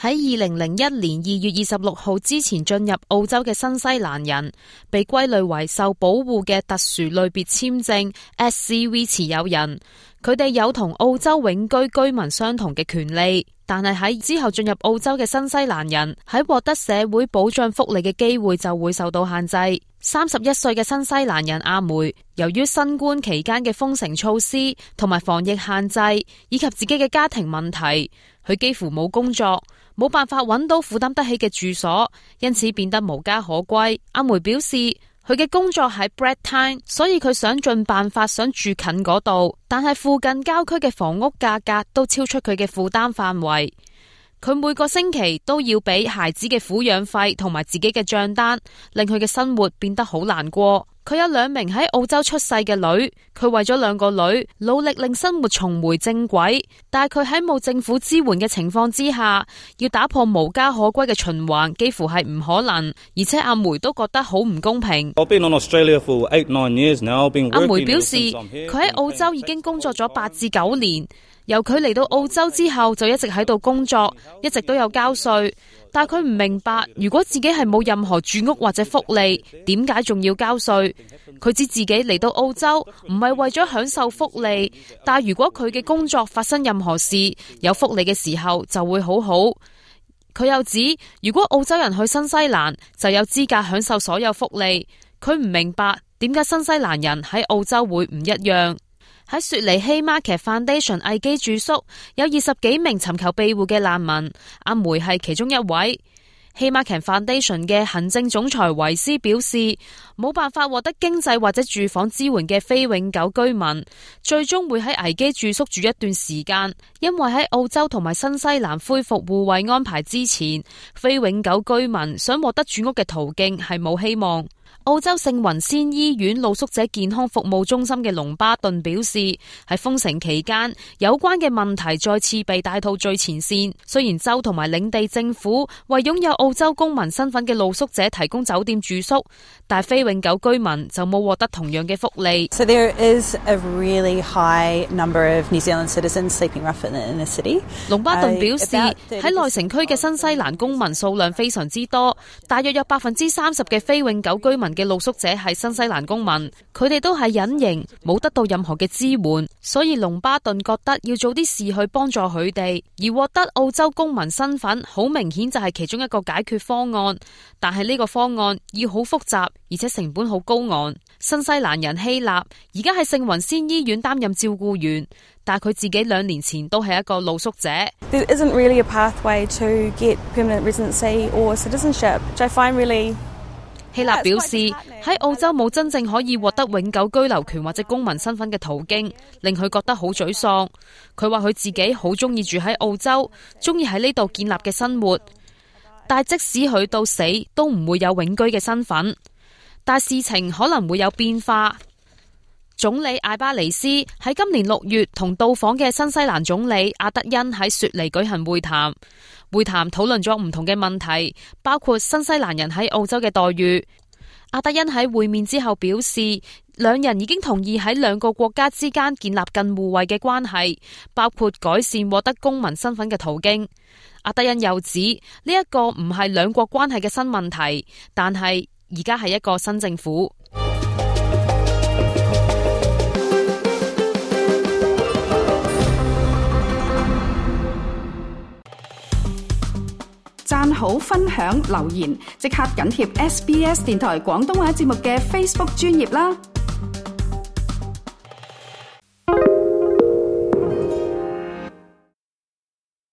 喺二零零一年二月二十六號之前進入澳洲嘅新西蘭人，被歸類為受保護嘅特殊類別簽證 SCV 持有人，佢哋有同澳洲永居居民相同嘅權利。但係喺之後進入澳洲嘅新西蘭人喺，獲得社會保障福利嘅機會就會受到限制。三十一歲嘅新西蘭人阿梅，由於新冠期間嘅封城措施同埋防疫限制，以及自己嘅家庭問題，佢幾乎冇工作，冇辦法揾到負擔得起嘅住所，因此變得無家可歸。阿梅表示。佢嘅工作喺 Blacktown，所以佢想盡辦法想住近嗰度，但係附近郊區嘅房屋價格都超出佢嘅負擔範圍。佢每個星期都要俾孩子嘅撫養費同埋自己嘅賬單，令佢嘅生活變得好難過。佢有兩名喺澳洲出世嘅女，佢為咗兩個女努力令生活重回正軌，但係佢喺冇政府支援嘅情況之下，要打破無家可歸嘅循環，幾乎係唔可能。而且阿梅都覺得好唔公平。Eight，阿梅表示，佢喺澳洲已經工作咗八至九年。由佢嚟到澳洲之後，就一直喺度工作，一直都有交稅。但佢唔明白，如果自己係冇任何住屋或者福利，點解仲要交稅？佢指自己嚟到澳洲唔係為咗享受福利，但如果佢嘅工作發生任何事，有福利嘅時候就會好好。佢又指，如果澳洲人去新西蘭，就有資格享受所有福利。佢唔明白點解新西蘭人喺澳洲會唔一樣。喺雪梨 Haymarket Foundation 危機住宿，有二十幾名尋求庇護嘅難民，阿梅係其中一位。Haymarket Foundation 嘅行政總裁維斯表示，冇辦法獲得經濟或者住房支援嘅非永久居民，最終會喺危機住宿住一段時間，因為喺澳洲同埋新西蘭恢復互惠安排之前，非永久居民想獲得住屋嘅途徑係冇希望。澳洲聖雲仙醫院露宿者健康服務中心嘅龍巴頓表示，喺封城期間，有關嘅問題再次被帶到最前線。雖然州同埋領地政府為擁有澳洲公民身份嘅露宿者提供酒店住宿，但非永久居民就冇獲得同樣嘅福利。所以，there is a really high number of New Zealand citizens sleeping rough in the city。龍巴頓表示，喺內城區嘅新西蘭公民數量非常之多，大約有百分之三十嘅非永久居民民嘅露宿者係新西蘭公民，佢哋都係隱形，冇得到任何嘅支援，所以龍巴頓覺得要做啲事去幫助佢哋，而獲得澳洲公民身份，好明顯就係其中一個解決方案。但係呢個方案要好複雜，而且成本好高昂。新西蘭人希臘而家喺聖雲仙醫院擔任照顧員，但佢自己兩年前都係一個露宿者。希拉表示喺澳洲冇真正可以獲得永久居留權或者公民身份嘅途徑，令佢覺得好沮喪。佢話佢自己好中意住喺澳洲，中意喺呢度建立嘅生活，但即使佢到死都唔會有永居嘅身份。但事情可能會有變化。總理艾巴尼斯喺今年六月同到訪嘅新西蘭總理阿德恩喺雪梨舉行會談，會談討論咗唔同嘅問題，包括新西蘭人喺澳洲嘅待遇。阿德恩喺會面之後表示，兩人已經同意喺兩個國家之間建立近互惠嘅關係，包括改善獲得公民身份嘅途徑。阿德恩又指，呢一個唔係兩國關係嘅新問題，但係而家係一個新政府。讚好、分享、留言，即刻緊貼 SBS 電台廣東話節目嘅 Facebook 專頁啦！